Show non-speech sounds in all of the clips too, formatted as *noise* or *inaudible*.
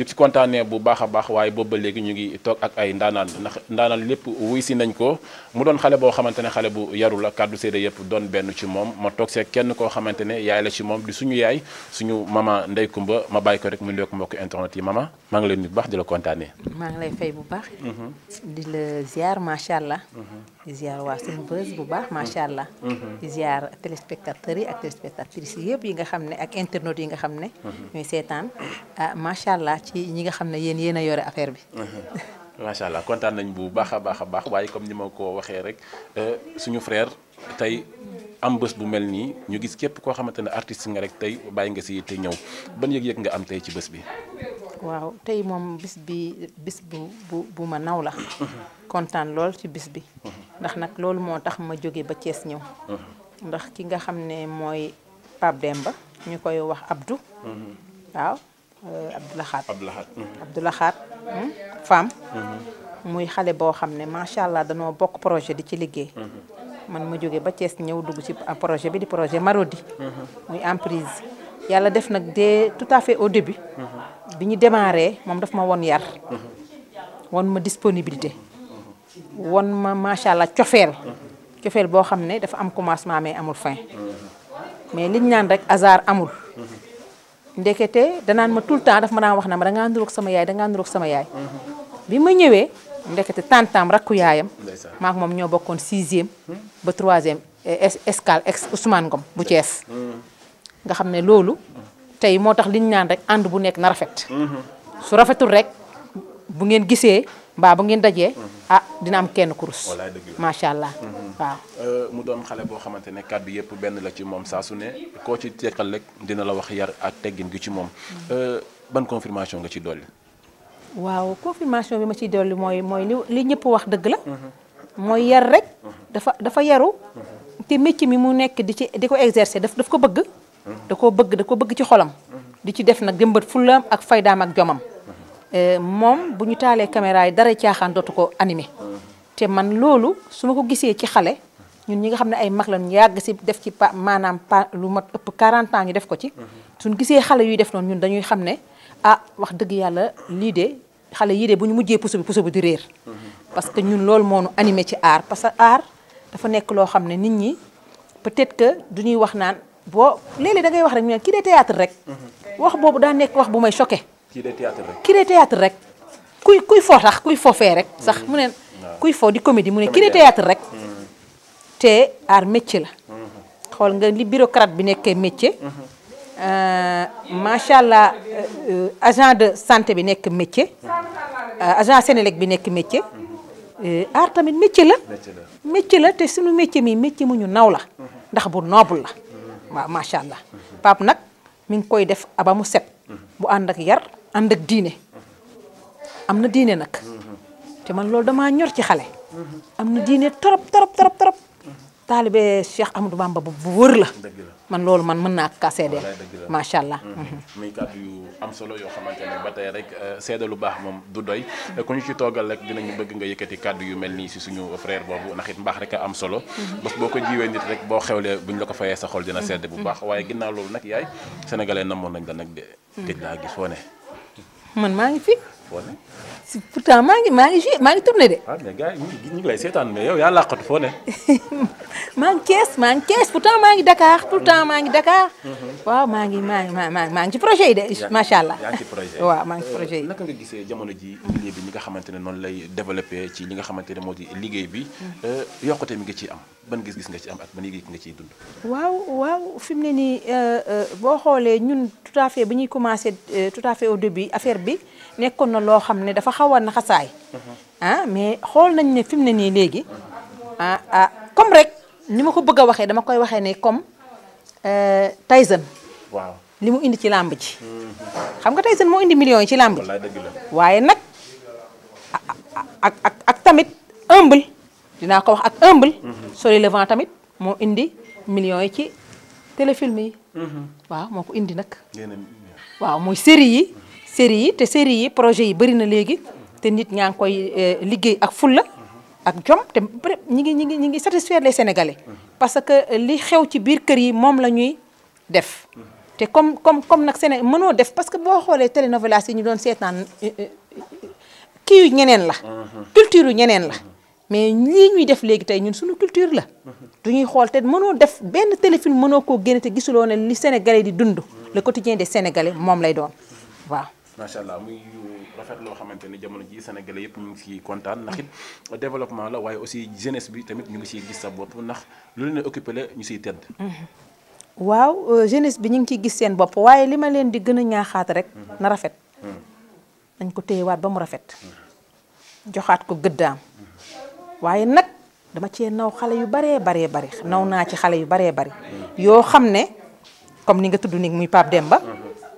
di ci kontaanee bu baax a baax waaye boobu ba léegi ñu ngi toog ak ay ndaanaan ndax ndaanaan lépp wuy si nañ ko mu doon xale boo xamante ne xale bu yaru la kàddu séedé yëpp doon benn ci moom ma toog see kenn koo xamante ne yaay la ci moom di suñu yaay suñu mama Ndeye Coumba ma bàyyi ko rek mu ndokk mbokk internet yi mama maa ngi lay nuyu bu baax di la kontaanee. maa ngi lay fay bu baax. Mhm. di la ziar macha allah. Mhm. di ziar waa sunu bës bu baax macha allah. Mm-hmm. di ziar téléspectateurs yi ak téléspectatrices yëpp yi nga xam ne ak internautes yi nga xam ne. Mm-hmm. ñooy seetaan ah macha allah ci ñi nga xam ne yéen yéen a yore affaire bi. Mm-hmm. macha allah kontaan nañ bu baax a baax a baax waaye comme ni ma ko waxee rek euh, suñu frère tey am bés bu mel nii ñu gis képp koo xamante ne artiste nga rek tey bàyyi nga si te ñëw ban yëg-yëg nga am tey ci bés bi. waaw tey moom bis bi bis bu bu bu ma naw la. kontaan lool ci bis bi. ndax nag loolu moo tax ma jóge ba cees ñëw. ndax ki nga xam ne mooy Pape ba ñu koy wax Abdou. waaw euh, Abdoulahat. Abdoulahat mhm. Abdoulahat hmm, femme. Mhm. muy xale boo xam ne macha allah danoo bokk projet di ci liggéey. Mhm. man ma jóge ba Thiès ñëw dugg ci projet bi di projet Marodi. muy emprise yàlla def nag dès tout à fait au début. bi ñu démarré moom daf ma won yar. won ma disponibilité. won ma macha allah cofeel cofeel boo xam ne dafa am commencement mais amul fin mais liñ naan rek hasard amul ndekete danaan ma tout le temps daf ma daan wax na ma da ngaa nuroog sama yaay da ngaa nuroog sama yaay bi ma ñëwee ndekete tantaam rakku yaayam maak moom ñoo bokkoon sixième ba troisième eh, escale ex Ousmane Ngom bu Thiès nga xam ne loolu tey moo tax liñ naan rek ànd bu nekk na rafet mm-hmm. su rafetul rek bu ngeen gisee mbaa bu ngeen dajee mhm. ah dina am kenn kurus macha allah mhm. waaw euh, mu doon xale boo xamante ne kàddu yëpp benn la ci moom saa su ne koo ci teqal rek dina la wax yar ak teggin gi ci moom mhm. euh, ban confirmation nga ci dool dolli waaw confirmation bi ma ciy dolli mooy mooy li li ñëpp wax dëgg la mooy yar rek dafa dafa yaru te métier mi mu nekk di ci di ko exercer daf daf ko bëgg da koo bëgg da ko bëgg ci xolam di ci def nag jëmbët fullaam ak faydaam ak jomam Euh, moom bu ñu taalee caméra yi dara caaxaan dootu ko animé te man loolu su ma ko gisee ci xale ñun ñi nga xam ne ay mag lañu yàgg si def ci pa maanaam pa lu mat ëpp 40 ans ñu def ko ci. suñ gisee xale yuy def noonu ñun dañuy xam ne ah wax dëgg yàlla lii de xale yii de bu ñu mujjee puso bi puso bi di réer. parce que ñun loolu moo nu animé ci aar parce que aar dafa nekk loo xam ne nit ñi peut-être que du ñuy wax naan boo léeg-léeg da ngay wax rek ñu ne kii de théâtre rek. wax boobu daa nekk wax bu may choqué. kii de rek kuy kuy fo sax kuy fofee rek sax mu ne hmm. kuy fo di comédie mu ne kii de rek hmm. te aar métier la hmm. xool nga li bureaucrate bi nekkee métier euh, macha allah euh, agent de santé bi nekk métier euh, agent Sénélec bi nekk métier aar tamit métier la métier la te suñu métier mi métier mu ñu naw la ndax bu noble la waaw macha allah Pape nag mi ngi koy def aba mu set bu ànd ak yar ànd diine am na diine nag te man loolu damaa ñor ci xale am na diine trop trop trop trop taalibe Cheikh Amadou Bamba bu wër la man loolu man mën naa ka seedeel macha allah mm-hmm. am solo yoo xamante ne ba tey rek euh, seede lu baax moom du doy ku ñu ci toogal rek dinañu bëgg nga yëkkati kàddu yu mel nii si suñu frère boobu ndax it mbaax rek am solo mhm. bés boo ko jiwee nit rek boo xewlee buñ la ko fayee sa xol dina sedd bu mhm. baax waaye ginnaaw loolu nag yaay sénégalais namoon nañ la nag de gëj mhm. naa gis foo ne man maa fi foo ne. si pourtant maa ngi maa ngi joué maa ngi tourné de. Ah, ñu ngi lay seetaan mais yow yaa làqatu foo ne. *laughs* maa ngi Thiès maa ngi Thiès pourtant maa ngi Dakar pourtant maa ngi Dakar. Mhm. waaw maa ngi maa ngi maa ngi ci projet yi de macha allah. yaa ngi ci projet yi *laughs* waaw maa ngi ci projet yi. Euh, naka nga gisee jamono ji bi ñi nga xamante ne noonu lay développé ci li nga xamante ne moo di liggéey bi. Mm. Euh, yokkute mi nga ciy am ban gis-gis nga ci am ak ban yëg nga ciy dund. waaw waaw fi ne nii euh, boo xoolee ñun tout à fait bi ñuy commencé tout à fait bi na loo xam ne dafa xaw a naxasaay mhm. ah mais xool nañ ne fi mu ne nii léegi ah ah comme rek ni ma ko bëgg a waxee dama koy waxee ne comme euh, Tyson waaw li mu indi ci làmb ji mhm. xam nga Tyson moo indi million yi ci làmb ji waaye nag ak ak ak tamit humble dinaa ko wax ak humble mhm. Sori tamit moo indi millions yi ci téléfilm yi waaw moo ko indi nag waaw mooy série yi série yi te série yi projet yi bëri na léegi te nit ñaa ngi koy euh, liggéey ak fulla ak jom te ñi ngi ñi ngi ñi ngi satisfaire les sénégalais parce que li xew ci biir kër yi moom la ñuy def te comme comme comme nag Séné mënoo def parce que boo xoolee télénovelas yi ñu doon seetaan euh, euh, kii yu ñeneen la culture ñeneen la mais lii ñuy def léegi tey ñun suñu culture la du ñuy xool te mënoo def benn téléfilm mënoo koo génne gisuloo ne li sénégalais di dund le quotidien des sénégalais moom lay doon waaw macha allah muy rafet loo xamante ni jamono ji sénégalais yëpp ñu ngi ciy kontaan ndax it la waaye aussi jeunesse bi tamit ñu ngi ciy gis sa bopp ndax lu leen occupé la ñu ciy tedd. waaw euh, jeunesse bi ñu ngi ciy gis seen bopp waaye li ma leen di gën a ñaaxaat rek. na rafet. Mm-hmm. nañ ko téyewaat ba mu rafet. joxaat ko gëddaam. Mm-hmm. waaye nag dama cee naw xale yu baree baree bari naw naa ci xale yu baree bari mm-hmm. yoo xam ne comme ni nga tudd ni muy Pape Demba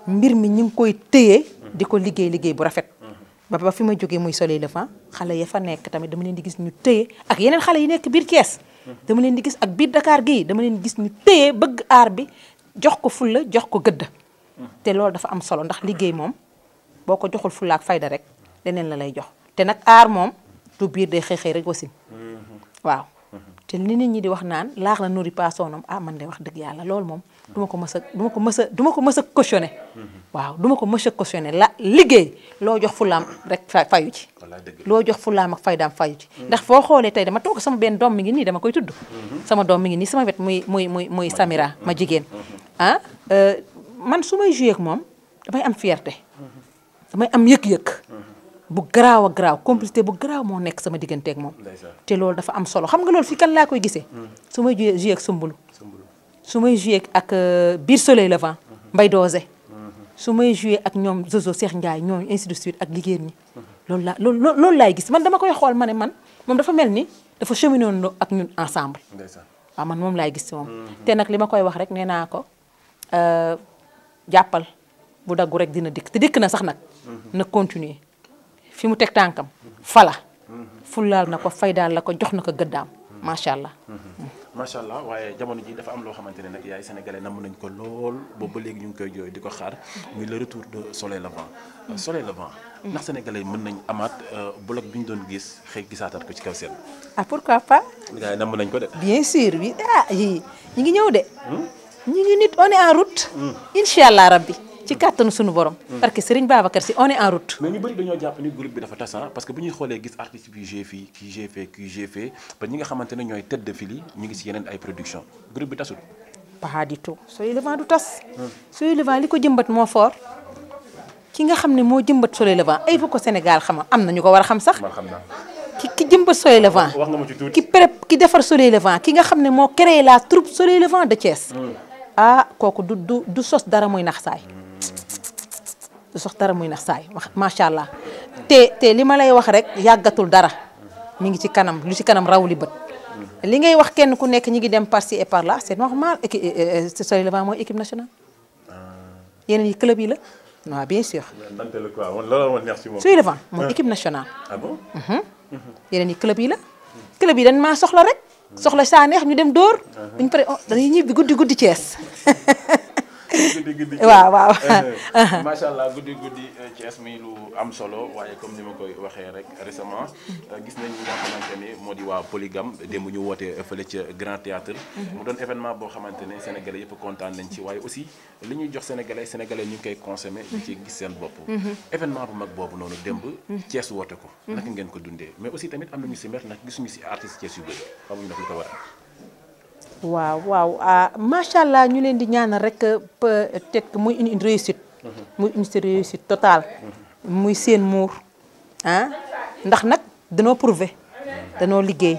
mbir di ko liggéey liggéey bu rafet. ba ba fi ma jógee muy soleil levant xale yi fa nekk tamit dama leen di gis ñu téye ak yeneen xale yi nekk biir Thiès. dama leen di gis ak biir Dakar gii dama leen gis ñu téye bëgg aar bi jox ko fulla jox ko gëdd. te loolu dafa am solo ndax liggéey moom boo ko joxul fulla ak fayda rek deneen la lay jox te nag aar moom du biir day xëy rek wasin mm-hmm. waaw te li nit ñi di wax naan laax la nourrit pas son homme ah man de wax dëgg yàlla loolu moom. duma ko mës a du ko mës a du ko mës a cautionné waaw duma ko mës a la liggéey loo jox fulaam rek fayu ci loo jox fu fulaam ak daam fayu ci ndax foo xoolee tey dama toog sama benn doom mi ngi nii dama koy tudd sama doom mi ngi nii sama wet muy muy muy muy Samira ma jigéen mhm. Mhm. ah euh, man su may joué moom damay am fierté damay am yëg-yëg mhm. bu garaaw a garaaw complicité bu garaaw moo nekk sama digganteeg moom te loolu dafa am solo xam nga loolu fii kan laa koy gisee su may joué ak sumbulu su may joué ak euh, biir soleil levant mhm. mbay doose mhm. su may joué ak ñoom Zozo Cheikh Ndiaye ñoom ainsi suite ak liggéeyam mhm. ñi loolu laa loolu laay gis man dama koy xool ma ne man moom dafa mel ni dafa cheminé woon ak ñun ensemble waaw man moom laay gis si moom te nag li ma koy wax rek nee naa ko euh, jàppal bu daggu rek dina dikk te dikk na sax nag na continuer fi mu teg tànkam fala fulaal na ko fay daal la ko jox na ko gëddaam macha allah mm. macha allah waaye jamono ji dafa am loo xamante ne nag yaay sénégalais namm nañ ko lool boobu ba léegi ñu ngi koy jooy di ko xaar muy le retour de soleil levant euh, soleil levant mm. ndax sénégalais mën nañ amaat euh, bloc bi ñu doon gis xëy gisaataat ko ci kaw seen ah pourquoi pas gars yi namm nañ ko de bien sûr bi ah ngi ñëw de hmm? ñu ngi nit on est en route hmm. incha rabbi ci kàttanu suñu borom. parce que Serigne Babacar si on est en route. groupe bi dafa tasan parce que bu ñuy xoolee gis artiste bi j'ai fii kii j'ai fait kii j'ai fait ba ñi ñooy tête de ñu ngi si yeneen ay production groupe bi tasul. pas du tout Soleil Levant du tas. Soleil Levant li ko jëmbat moo fort ki nga xam ne moo jëmbat solo Levant ay bu ko Sénégal xama am na ñu ko war a xam sax. ki ki jëmbat Soleil Levant. wax nga ma ci tuuti ki nga xam ne moo créé la troupe Soleil Levant de Thiès. Mm. ah kooku du du du du sox dara muy nax saay wax allah te te li ma lay wax rek yàggatul dara mi ngi ci kanam lu si kanam raw li bët. li ngay wax kenn ku nekk ñi ngi dem parce ci et par là c'est normal équipe euh, euh, euh, Souleyman mooy équipe nationale. Ah. yeneen yi club yi la waaw bien sûr. nante la quoi looloo ma neex ci ah. ah mhm. la. club yi dañ maa soxla rek. soxla saa neex ñu dem dóor. bu ñu paree oh, dañuy ñibbi guddi guddi Thiès. *laughs* guddi guddi *laughs* waaw waaw eh, eh. *laughs* uh-huh. macha allah guddi guddi Thiès eh, mi lu am solo waaye comme ni ma koy waxee rek récemment gis nañ ñi nga xamante moo di waa polygame démb ñu woote fële ca Grand Théâtre uh-huh. mu doon événement boo xamante ne sénégalais yëpp kontaan nañ ci waaye aussi li ñuy jox sénégalais sénégalais ñu ngi koy consommer di ci gis seen bopp uh-huh. événement bu mag boobu noonu demb Thiès woote ko naka ngeen ko dundee mais aussi tamit am ñu si mer nag gisuñu si artiste Thiès yu bëri xamuñu nag ko waral waaw waaw ah, macha allah ñu leen di ñaanal rek euh, peut-être muy une réussite. Mhm. muy une réussite totale. Mhm. muy seen muur ah, ndax nag danoo prouver danoo liggéey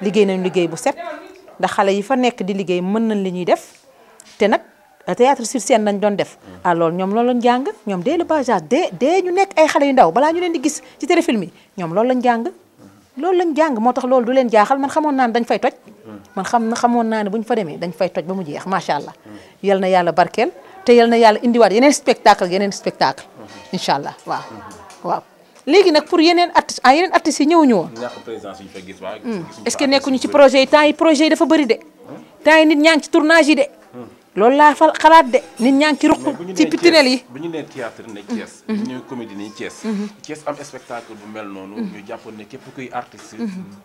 liggéey nañu liggéey bu set ndax xale yi fa nekk di liggéey mën nañ li ñuy def te nag euh, théâtre sur scène lañ doon def. ah ñoom lool lañ jàng ñoom dès le bas de dès ñu nekk ay xale yu ndaw balaa ñu leen di gis ci téléfilm yi ñoom loolu lañ jàng. loolu lañ jàng moo tax loolu du leen jaaxal man xamoon naa ne dañ fay toj hmm. man xam na xamoon naa ne bu ñu fa demee dañ fay toj ba mu jeex macha allah yal na yàlla barkeel te yal na yàlla indiwaat yeneen spectacle yeneen spectacle hmm. incha allah waaw hmm. waaw léegi nag pour yeneen artiste ah yeneen artistes yi ñëwuñu woon est-ce que nekkuñu ci projet yi temps yi projet yi dafa bari de temps nit ñaan ngi ci tournage yi de loolu laa fa xalaat de nit ñaa ngi ci ruq ci pitinel yi bu ñu nee théâtre ne Thiès mhm. bu ñu comédie ni Thiès mhm. Thiès am spectacle bu mel noonu mhm. ñu jàppoon ne képp kuy artiste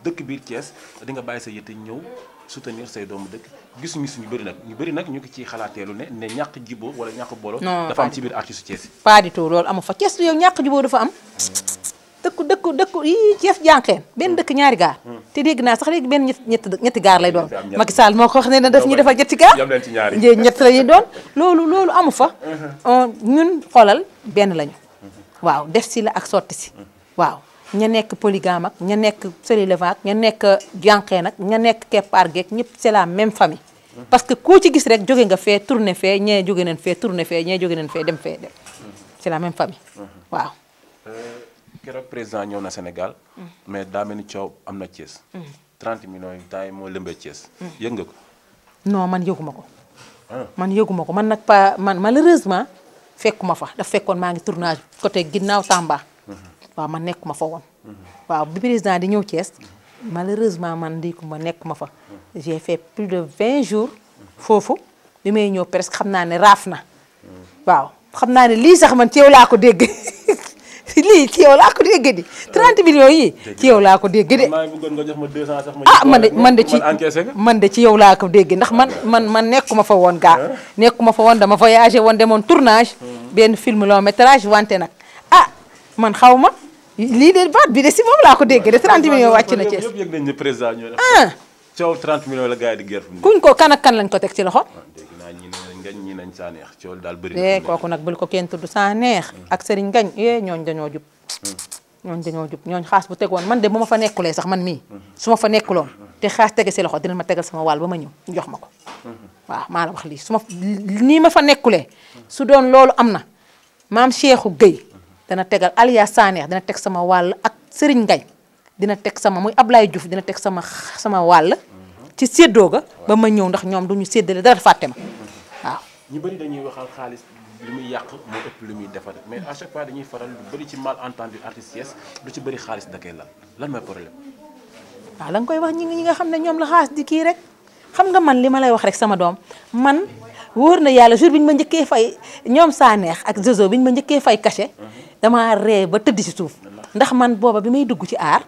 dëkk biir Thiès di nga bàyyi sa yëte ñëw soutenir say doomu dëkk gisuñu suñu bëri nag ñu bari nag ñu ngi ciy xalaateelu ne ne ñàkk jiboo wala ñàkk booloo dafa am ci biir artiste Thiès yi pas du tout loolu amul fa Thiès yow ñàkk jiboo dafa am hmm. dëkku dëkku dëkku yii Cees jànqeen benn dëkk ñaari gaar hmm. te dégg naa sax léegi benn ñetti ñetti gaar lay doon Macky Sall moo ko wax ne na daf ñuy defal ñetti gaar njee ñett la ñuy doon *laughs* loolu loolu amu fa hmm. euh, ñun xoolal benn lañu hmm. waaw def si la ak sotti si waaw ña nekk polygame ak ña nekk célibataire ña nekk jànqeen nag ña nekk keppaar geek ñëpp c'est la même famille parce que koo ci gis rek jóge nga fee tourné fee ñee jóge nañ fee tourné fee ñee jóge nañ fee dem fee dem c'est la même famille waaw euh, keroog président ñëw na Sénégal. mais daa mel ni coow am na Thiès. 30 millions yi temps moo lëmbee Thiès. yëg nga ko. non man yëguma ko. Ah. man yëguma ko man nag malheureusement fekkuma fa daf fekkoon maa ngi tournage côté ginnaaw Tamba. waaw man nekkuma fa woon. waaw bi président di ñëw Thiès malheureusement man ndiikuma nekkuma fa. j'ai fait plus de 20 jours foofu bi may ñëw presque xam naa ne raaf na waaw xam naa ne lii sax man ci laa ko dégg. *laughs* lii ci yow laa ko dégg di 30 millions yi ci yow laa ko dégg de ah man de man de ci man de ci yow laa ko dégg ndax man man man nekkuma fa woon gaa nekkuma fa woon dama voyagé woon demoon tournage mm-hmm. benn film long métrage wante nag ah man xaw ma lii de baat bi de si moom laa ko dégg de 30 millions wàcc na Thiès ah coow 30 millions la gars yi di gër kuñ ko kan ak kan lañ ko teg ci loxo ngañ ñi nañ saa neex ci wàllu daal bëri na. kooku nag bul ko kenn tudd saa neex. Mm. ak sëriñ ngañ eh, ñooñ dañoo jub. Mm. ñooñ dañoo jub ñooñ xaas bu tegoon man de bu ma fa nekkulee sax man mii. Mm-hmm. su ma fa nekkuloon te xaas tege si loxo dina ma tegal sama wàll ba ma ñëw jox ma ko. Mm-hmm. waaw maa wax lii su ma nii ma fa nekkulee. Mm-hmm. su doon loolu am na maam Cheikhou Gueye dana tegal Aliya neex dina teg sama wàll ak sëriñ ngañ dina teg sama muy Ablaye Diouf dina teg sama sama wàll. ci séddoo ga ba ma ñëw ndax ñoom duñu séddale dara fàtte ma ñu bëri dañuy waxal xaalis li muy yàq moo ëpp li mais à dañuy faral lu bëri ci malentendu artiste yes lu ci bëri xaalis da koy lal lan mooy problème. waaw la koy wax ñi ñi nga xam ne ñoom la xaalis di kii rek xam nga man li ma lay wax rek sama doom man wóor na yàlla jour bi ñu ma njëkkee fay ñoom saa neex ak zozo bi ñu ma njëkkee fay cachet dama ree ba tëdd ci suuf ndax man booba bi may dugg ci aar.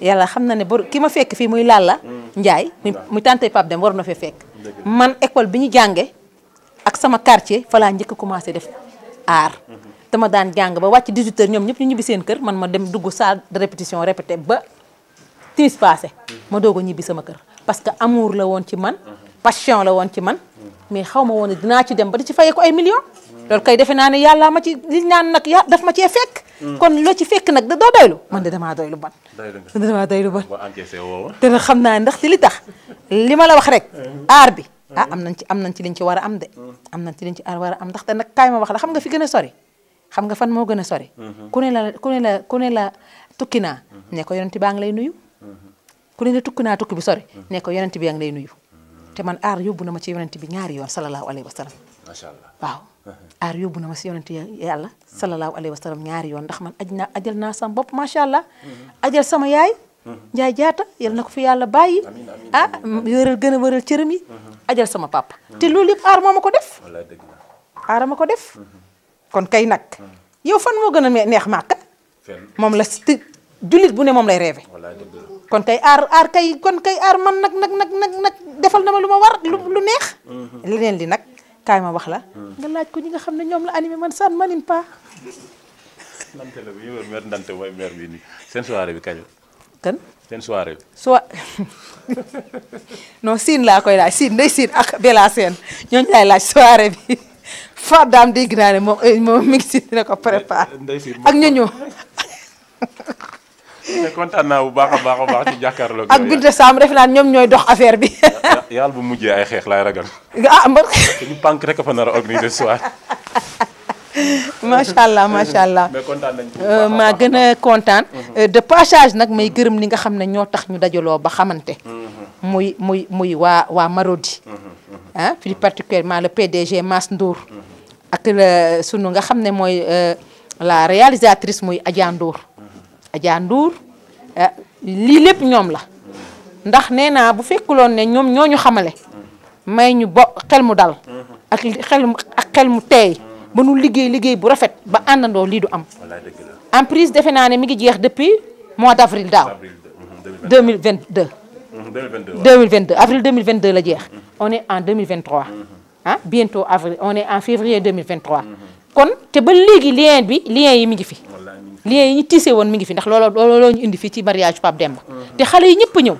yàlla xam na ne bor ki ma fekk fii muy Lalla mm. Ndiaye mu tante Pape Dem war na fee fekk man école bi ñu jànge ak sama quartier fa laa njëkk commencé def aar dama daan jàng ba wàcc 18 heures ñoom ñëpp ñu ñibbi seen kër man ma dem dugg salle de répétition répété ba timis passé ma doog a ñibbi sama kër parce que amour la woon ci man passion la woon ci man mais xaw ma woon ne dinaa ci dem ba di ci fayee ko ay millions loolu kay defe naa ne yàlla ma ci li naan nag ya daf ma cee fekk kon loo ci fekk nag da doo doylu man de damaa doylu ban damaa doylu ban te xam naa ndax li tax ah am nañ ci am nañ ci liñ ci war a am de. am nañ ci liñ ci war a am ndaxte nag kaay ma wax la xam nga fi gën a sori xam nga fan moo gën a sori. Mhm. ku ne la ku ne la ku tukki naa. Mhm. nekk ko yonent baa ngi lay nuyu. Mhm. ku ne la tukki naa tukki bi sori. ne ko bi yaa lay nuyu. te man aar yóbbu na ma ci yonent bi ñaari yoon sallallahu alayhi wa sallam. *laughs* yóbbu na ma yàlla. sallallahu alayhi wa sallam ñaari yoon ndax man aj na ajal naa sama bopp macha allah. ajal sama yaay. njaay jaata yal na ko fi yàlla bàyyi ah wëral gën a wëral cërëm yi ajal sama papa hmm. te loolu yëpp aar moo ma ko def aara ma ko def hmm. kon kay nag hmm. yow fan moo gën a neex màkka moom la ti jullit bu ne moom lay rêvé kon kay aar aar kay kon kay aar man nag nag nag nag nag defal na ma lu ma war lu neex leneen li nag kaay ma wax la nga laaj ko ñi nga xam ne ñoom la animé man san manin paa *laughs* nante la bi ñu wër meer ndante kan. seen soirée bi. soi *laughs* non siin laa koy laaj siin ndey siin ak Bella Sène ñooñu laay laaj soirée bi *laughs* Fadam dégg naa ne moom eh, moom mi ngi si ak ñooñu. *laughs* bu baax a baax a baax ci jàkkaarloo. ak Binta Sam def naa ñoom ñooy dox affaire bi. yàlla bu mujjee ay xeex laay ragal. ah man. ñu pànk rek a fa nar a organiser soir. macha allah macha allah maa gën a kontaan mm-hmm. euh, de pachage nag may gërëm li nga xam ne ñoo tax ñu dajaloo ba xamante mm-hmm. muy muy muy waa waa Marodi mm-hmm, ah plus particulièrement le PDG Mass nduur ak la sunu nga xam ne mooy euh, la réalisatrice muy Adja Ndour Adja Ndour euh, lii lépp ñoom la ndax nee naa bu fekkuloon ne ñoom ñoo ñu xamale may ñu bo xel dal ak xel teey ba liggéey liggéey bu rafet ba àndandoo lii du am. en prise defe naa ne mi ngi jeex depuis mois d' avril daaw. 2022 2022 2022 avril 2022 la jeex. Mhm. on est en 2023. Mhm. ah bientôt avril on est en février 2023. Mhm. kon te ba léegi lien bi lien yi mi ngi fi. lien yi ñu tiisee woon mi ngi fi ndax looloo looloo ñu indi fii ci mariage Pape Demba. te xale yi ñëpp ñëw.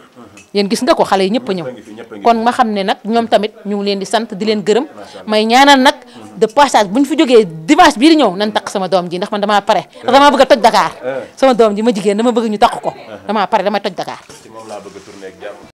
yéen gis nga ko xale yi ñëpp a ñëw kon ma xam ne nag ñoom tamit ñu ngi leen di sant di leen gërëm may ñaanal nag de passage bu ñu fi jógee dimanche bii di ñëw nan takk sama doom ji ndax man damaa pare ndax damaa bëgg a toj Dakar eh. sama doom ji ma jigéen dama bëgg ñu takk ko eh. damaa pare dama toj Dakar